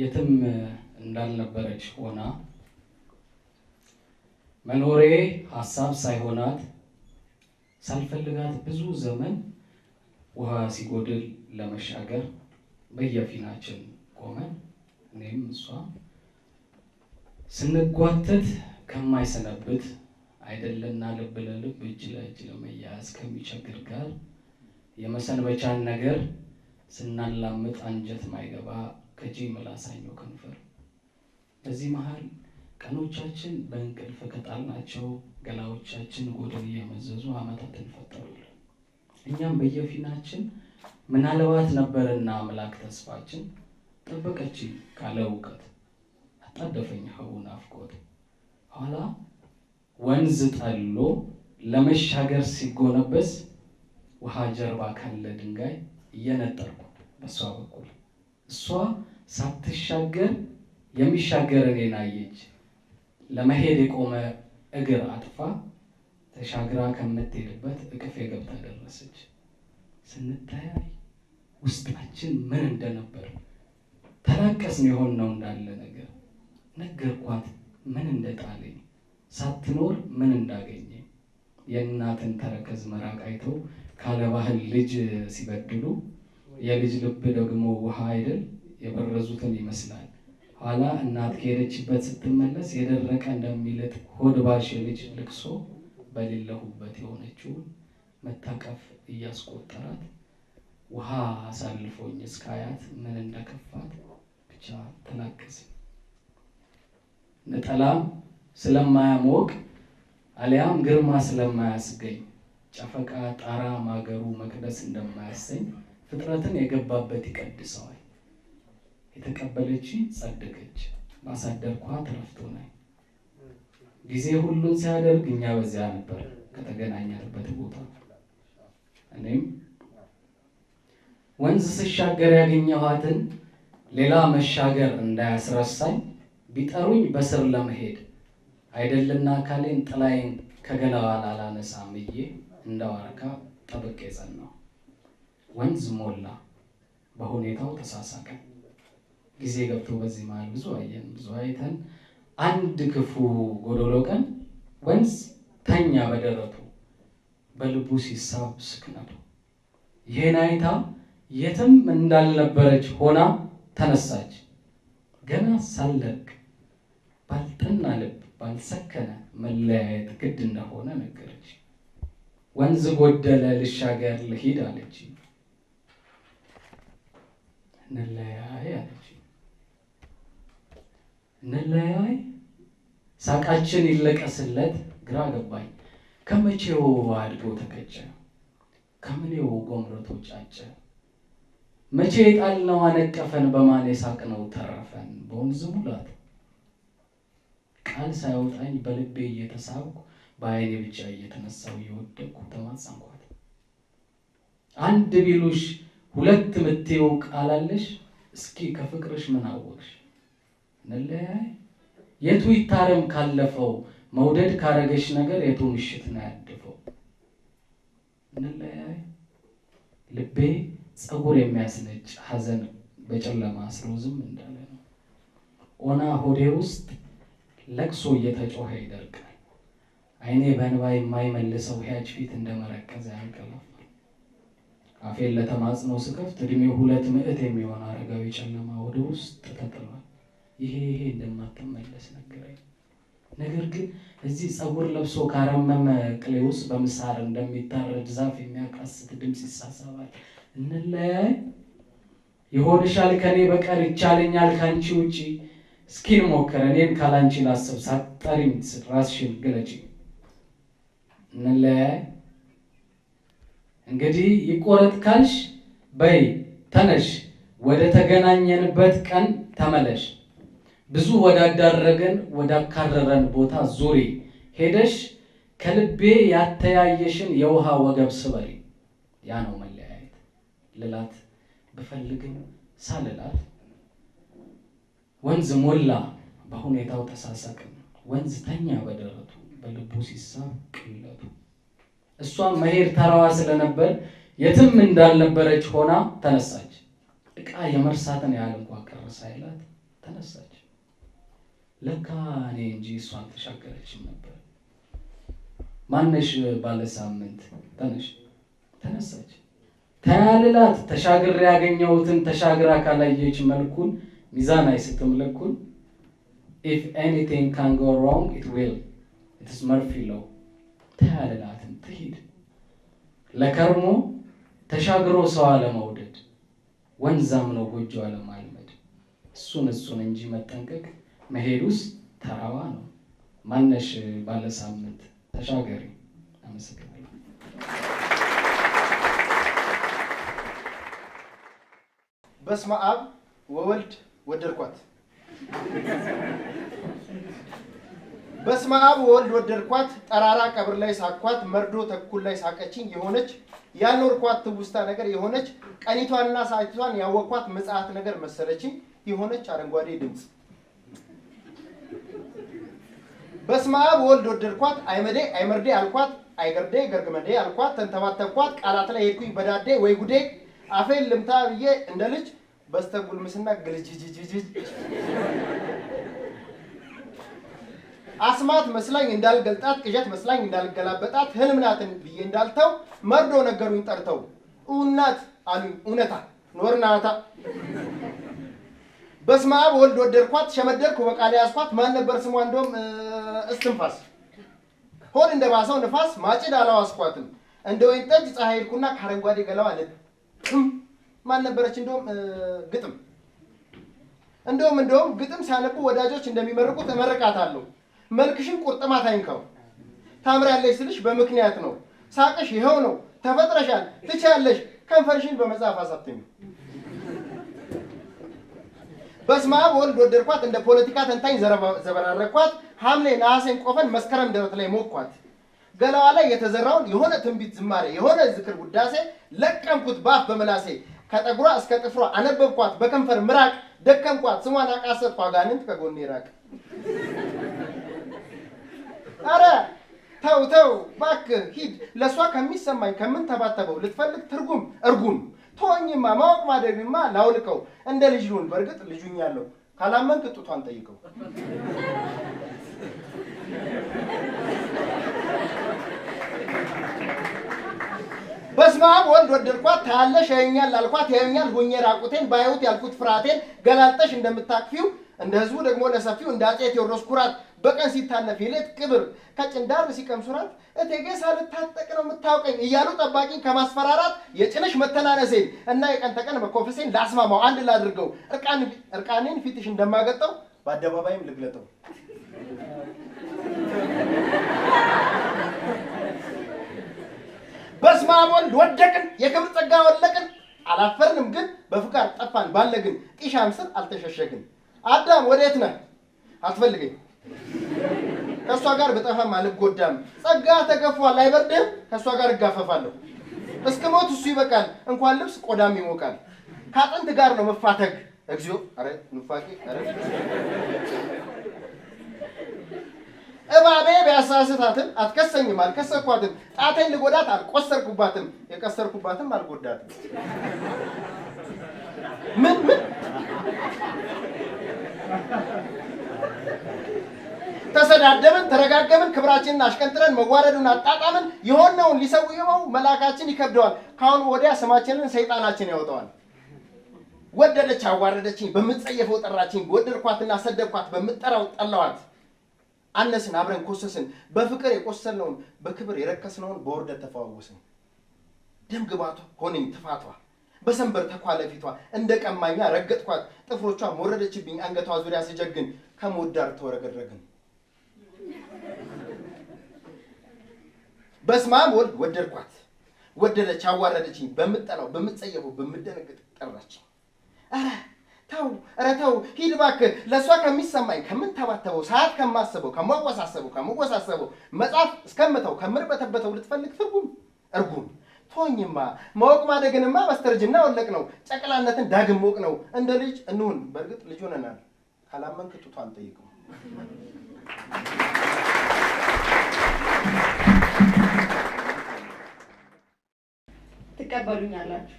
የትም እንዳልነበረች ሆና መኖሬ ሀሳብ ሳይሆናት ሳልፈልጋት ብዙ ዘመን ውሃ ሲጎድል ለመሻገር በየፊናችን ቆመን እኔም እሷ ስንጓተት ከማይሰነብት አይደለና ልብ ለልብ እጅ ለእጅ ለመያያዝ ከሚቸግር ጋር የመሰንበቻን ነገር ስናላምጥ አንጀት ማይገባ ከጂ መላሳኛው ከንፈር በዚህ መሀል ቀኖቻችን በእንቅልፍ ከጣልናቸው ገላዎቻችን ጎድን እየመዘዙ አመታት እንፈጠሩል። እኛም በየፊናችን ምናልባት ነበርና አምላክ ተስፋችን ጠበቀች ካለ እውቀት አጣደፈኝ ኸውን አፍቆት ኋላ ወንዝ ጠሎ ለመሻገር ሲጎነበስ ውሃ ጀርባ ካለ ድንጋይ እየነጠርኩ በእሷ በኩል እሷ ሳትሻገር የሚሻገር እኔን አየች። ለመሄድ የቆመ እግር አጥፋ ተሻግራ ከምትሄድበት እቅፍ የገብታ ደረሰች። ስንተያይ ውስጣችን ምን እንደነበር ተላቀስን የሆን ነው እንዳለ ነገር ነገርኳት ምን እንደጣለኝ ሳትኖር ምን እንዳገኘ የእናትን ተረከዝ መራቅ አይቶ ካለ ባህል ልጅ ሲበድሉ የልጅ ልብ ደግሞ ውሃ አይደል የበረዙትን ይመስላል። ኋላ እናት ከሄደችበት ስትመለስ የደረቀ እንደሚልጥ ሆድ የልጅ ልቅሶ በሌለሁበት የሆነችውን መታቀፍ እያስቆጠራት ውሃ አሳልፎኝ እስካያት ምን እንደከፋት ብቻ ተላገሰ። ነጠላም ስለማያሞቅ አሊያም ግርማ ስለማያስገኝ ጨፈቃ ጣራ ማገሩ መቅደስ እንደማያሰኝ ፍጥረትን የገባበት ይቀድሰዋል። የተቀበለች ጸደቀች፣ ማሳደርኳ ተረፍቶ ነኝ። ጊዜ ሁሉን ሲያደርግ እኛ በዚያ ነበር ከተገናኘንበት ቦታ። እኔም ወንዝ ስሻገር ያገኘኋትን ሌላ መሻገር እንዳያስረሳኝ ቢጠሩኝ በስር ለመሄድ አይደልና አካሌን ጥላይን ከገላዋ ላላነሳ ምዬ እንደ ዋርካ ጠብቄ ጸናሁ። ወንዝ ሞላ፣ በሁኔታው ተሳሳቀን። ጊዜ ገብቶ በዚህ መሀል ብዙ አየን፣ ብዙ አይተን፣ አንድ ክፉ ጎዶሎ ቀን ወንዝ ተኛ በደረቱ በልቡ ሲሳብ ስክነቱ። ይህን አይታ የትም እንዳልነበረች ሆና ተነሳች። ገና ሳለቅ ባልጠና ልብ ባልሰከነ መለያየት ግድ እንደሆነ ነገረች። ወንዝ ጎደለ ልሻገር ልሂድ አለች። እንለያይ አለች። እንለያይ፣ ሳቃችን ይለቀስለት። ግራ ገባኝ። ከመቼው አድጎ ተከጨ፣ ከምኔው ጎምረቶ ጫጨ። መቼ የጣልነው አነቀፈን፣ በማን ነው ተረፈን። በወንዝ ሙላት ቃል ሳይወጣኝ በልቤ እየተሳብኩ በአይኔ ብቻ እየተነሳው እየወደቅኩ ተማጸንኳት። አንድ ቢሉሽ ሁለት ምትይው ቃላለሽ፣ እስኪ ከፍቅርሽ ምን አወቅሽ? መለያይ የቱ ይታረም ካለፈው መውደድ ካረገች ነገር የቱ ምሽት ነው ያድፈው። መለያይ ልቤ ጸጉር የሚያስነጭ ሀዘን በጨለማ አስሮ ዝም እንዳለ ነው። ኦና ሆዴ ውስጥ ለቅሶ እየተጮኸ ይደርቃል። አይኔ በንባ የማይመልሰው ሕያጅ ፊት እንደመረከዘ ያንቀላፋል። አፌን ለተማጽኖ ስከፍት እድሜው ሁለት ምዕት የሚሆን አረጋዊ ጨለማ ወደ ውስጥ ተጥሏል። ይሄ ይሄ እንደማትመለስ ነገረኝ። ነገር ግን እዚህ ጸጉር ለብሶ ካረመመ ቅሌ ውስጥ በምሳር እንደሚታረድ ዛፍ የሚያቃስት ድምፅ ይሳሳባል። እንለያይ ይሆንሻል ከኔ በቀር ይቻለኛል ከአንቺ ውጪ። እስኪን ሞከረ እኔን ካላንቺ ላሰብ ሳጠሪኝ ራስሽን ግለጪ። እንለያይ እንግዲህ ይቆረጥ ካልሽ በይ ተነሽ፣ ወደ ተገናኘንበት ቀን ተመለሽ። ብዙ ወዳዳረገን ወዳካረረን ቦታ ዙሪ ሄደሽ ከልቤ ያተያየሽን የውሃ ወገብ ስበሪ። ያ ነው መለያየት ልላት ብፈልግም ሳልላት ወንዝ ሞላ በሁኔታው ተሳሳቅን። ወንዝ ተኛ በደረቱ በልቡ ሲሳ ቅለቱ። እሷም መሄድ ተራዋ ስለነበር የትም እንዳልነበረች ሆና ተነሳች። እቃ የመርሳትን ያህል እንኳ ቅር ሳይላት ተነሳች። ለካ እኔ እንጂ እሷ አልተሻገረችም ነበር። ማነሽ ባለ ሳምንት ተነሽ ተነሳች ተያልላት ተሻግር ያገኘሁትን ተሻግራ ካላየች መልኩን ሚዛን አይስትም ልኩን ኢፍ ኤኒቲንግ ካን ጎ ሮንግ ኢት ዊል ኢትስ መርፊ ሎው ተያልላትን ትሂድ ለከርሞ ተሻግሮ ሰው አለመውደድ ወንዛም ነው ጎጆ አለማልመድ እሱን እሱን እንጂ መጠንቀቅ መሄዱስ ተራዋ ነው። ማነሽ ባለ ሳምንት ተሻገሪ። አመሰግናለሁ። በስመ አብ ወወልድ ወደድኳት። በስመ አብ ወወልድ ወደድኳት፣ ጠራራ ቀብር ላይ ሳኳት መርዶ ተኩል ላይ ሳቀችኝ የሆነች ያልኖርኳት ትውስታ ነገር የሆነች ቀኒቷንና ሳይቷን ያወቅኳት ምጽአት ነገር መሰለችኝ የሆነች አረንጓዴ ድምፅ በስመ አብ ወልድ ወደድኳት አይመዴ አይመርዴ አልኳት አይገርዴ ገርግመዴ አልኳት ተንተባተብኳት ቃላት ላይ ሄድኩኝ በዳዴ ወይ ጉዴ አፌን ልምታ ብዬ እንደ ልጅ በስተጉልምስና ግልጅጅጅጅ አስማት መስላኝ እንዳልገልጣት ቅዠት መስላኝ እንዳልገላበጣት ህልምናትን ብዬ እንዳልተው መርዶ ነገሩኝ ጠርተው እናት አሉኝ እውነታ ኖርናታ በስመ አብ ወልድ ወደድኳት ሸመደድኩ በቃል ያዝኳት ማን ነበር ስሟ እንደውም እስትንፋስ ሆድ እንደ ንፋስ ማጭድ አላዋስኳትም እንደ ወይን ጠጅ ፀሐይ ሄድኩና ከአረንጓዴ ገላዋ ልጥም ማን ነበረች እንደውም ግጥም እንደውም እንደውም ግጥም ሲያነቡ ወዳጆች እንደሚመርቁት እመርቃታለሁ መልክሽን ቁርጥማት አይንካው ታምሪያለሽ ስልሽ በምክንያት ነው ሳቅሽ ይኸው ነው ተፈጥረሻል ትችያለሽ ከንፈርሽን በመጽሐፍ አሳትሚው በስመ አብ ወልድ ወደድኳት፣ እንደ ፖለቲካ ተንታኝ ዘበራረኳት። ሐምሌ ነሐሴን ቆፈን መስከረም ደረት ላይ ሞኳት። ገላዋ ላይ የተዘራውን የሆነ ትንቢት ዝማሬ፣ የሆነ ዝክር ውዳሴ ለቀምኩት በአፍ በመላሴ ከጠጉሯ እስከ ጥፍሯ አነበብኳት በከንፈር ምራቅ ደከምኳት ስሟን አቃሰጥኳ ጋንንት ከጎኔ ራቅ። አረ ተው ተው ባክ ሂድ ለእሷ ከሚሰማኝ ከምን ተባተበው ልትፈልግ ትርጉም እርጉም ተወኝማ ማወቅ ማደግማ ላውልቀው እንደ ልጅ ሁን። በእርግጥ ልጁኛለሁ። ካላመንክ ጡቷን ጠይቀው። በስመ አብ ወልድ ወደድኳት ታያለሽ ያኛል ላልኳት ያየኛል ሁኜ ራቁቴን ባይሁት ያልኩት ፍርሃቴን ገላልጠሽ እንደምታቅፊው እንደ ህዝቡ ደግሞ ለሰፊው እንደ አጼ ቴዎድሮስ ኩራት በቀን ሲታለፍ የሌት ቅብር ከጭንዳር ሲቀምሱራት እቴጌ ሳልታጠቅ ነው የምታውቀኝ እያሉ ጠባቂን ከማስፈራራት የጭንሽ መተናነሴን እና የቀን ተቀን መኮፍሴን ላስማማው አንድ ላድርገው እርቃኔን ፊትሽ እንደማገጠው በአደባባይም ልግለጠው። በስመ አብ ወልድ ወደቅን የክብር ጸጋ ወለቅን አላፈርንም ግን በፍቃድ ጠፋን ባለግን ጢሻም ስር አልተሸሸግን አዳም ወዴት ነህ አትፈልገኝ ከእሷ ጋር ብጠፋም አልጎዳም። ጸጋ ተገፏል፣ አይበርድም። ከእሷ ጋር እጋፈፋለሁ እስከ ሞት። እሱ ይበቃል። እንኳን ልብስ ቆዳም ይሞቃል። ከአጥንት ጋር ነው መፋተግ። እግዚኦ! ኧረ ኑፋቄ! ኧረ እባቤ ቢያሳስታትም አትከሰኝም፣ አልከሰኳትም። ጣቴን ልጎዳት አልቆሰርኩባትም፣ የቀሰርኩባትም አልጎዳትም። ምን ምን ተሰዳደብን፣ ተረጋገብን፣ ክብራችንን አሽቀንጥረን መዋረዱን አጣጣምን፣ የሆነውን ሊሰውየው መላካችን ይከብደዋል። ካሁን ወዲያ ስማችንን ሰይጣናችን ያወጣዋል። ወደደች፣ አዋረደችኝ፣ በምትጸየፈው ጠራችኝ፣ ወደድኳትና ሰደብኳት፣ በምጠራው ጠላዋት። አነስን፣ አብረን ኮሰስን፣ በፍቅር የቆሰልነውን በክብር የረከስነውን በውርደት ተፈዋወስን። ደም ግባቷ ሆነኝ ትፋቷ በሰንበር ተኳለ ፊቷ እንደ ቀማኛ ረገጥኳት ጥፍሮቿ ወረደችብኝ አንገቷ ዙሪያ ስጀግን ከሞት ዳር ተወረገረግን በስማም ወልድ ወደድኳት፣ ወደደች፣ አዋረደችኝ። በምጠላው በምጸየፈው በምደነግጥ ጠራችኝ። ኧረ ተው፣ ኧረ ተው ሂድ እባክህ። ለእሷ ከሚሰማኝ ከምንተባተበው፣ ሰዓት ከማስበው፣ ከማወሳሰበው ከመወሳሰበው መጽሐፍ እስከምተው ከምርበተበተው ልትፈልግ ትርጉም እርጉም ቶኝማ ማወቅ ማደግንማ በስተርጅና ወለቅ ነው። ጨቅላነትን ዳግም ሞቅ ነው። እንደ ልጅ እንሁን። በእርግጥ ልጅ ሆነናል። ካላመንክ ጡቷን ጠይቅም። ትቀበሉኛላችሁ።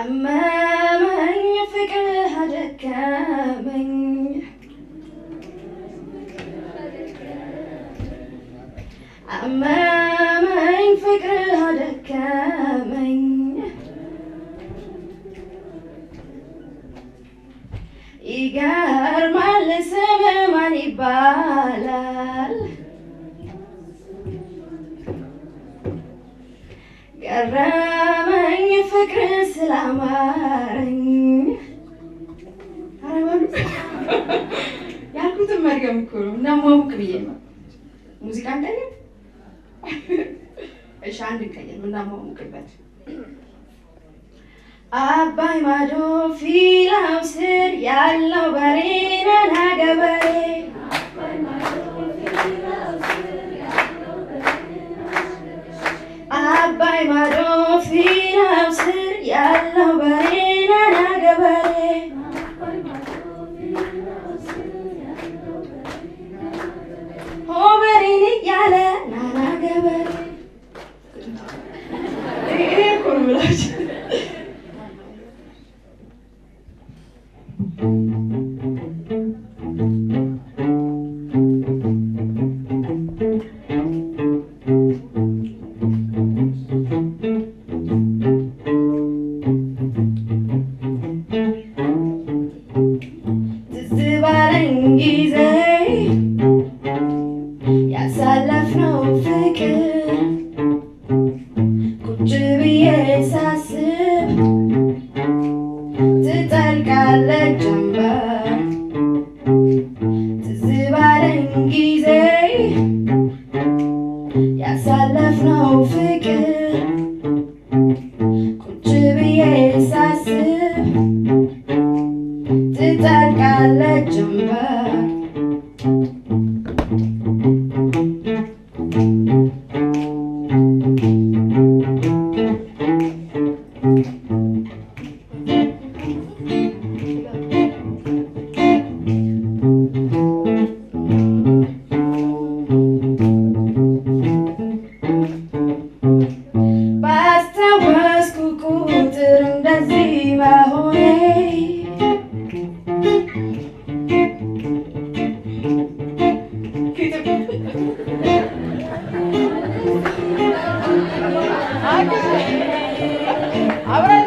አመመኝ ፍቅር አደከመኝ አመመኝ ፍቅር ስላማረኝ ያልኩትን መድገም እኮ ነው እና ማሙቅ ብዬ ነው። ሙዚቃ እንቀይር። እሺ አንድ እንቀይር። ምናማሙቅበት አባይ ማዶ ፊላው ስር ያለው በሬ ነና ገበሬ አባይ ማዶ ፊላው ስር يالله برينا نقبري هو برينك يالا نانا قبري ايه كل بلاش esası አብረን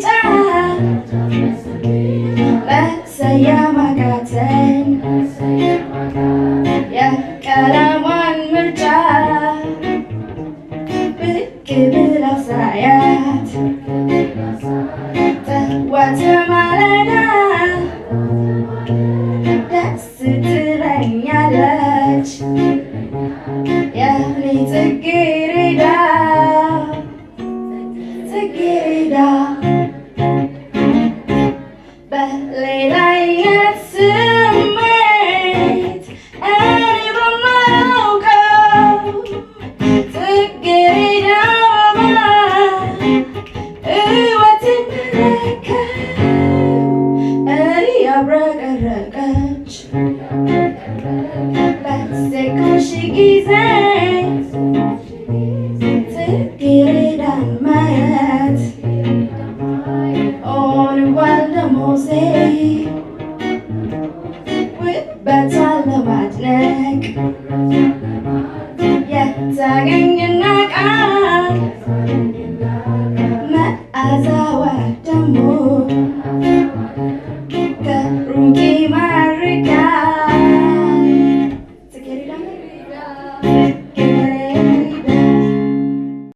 eternal. kiri dan mati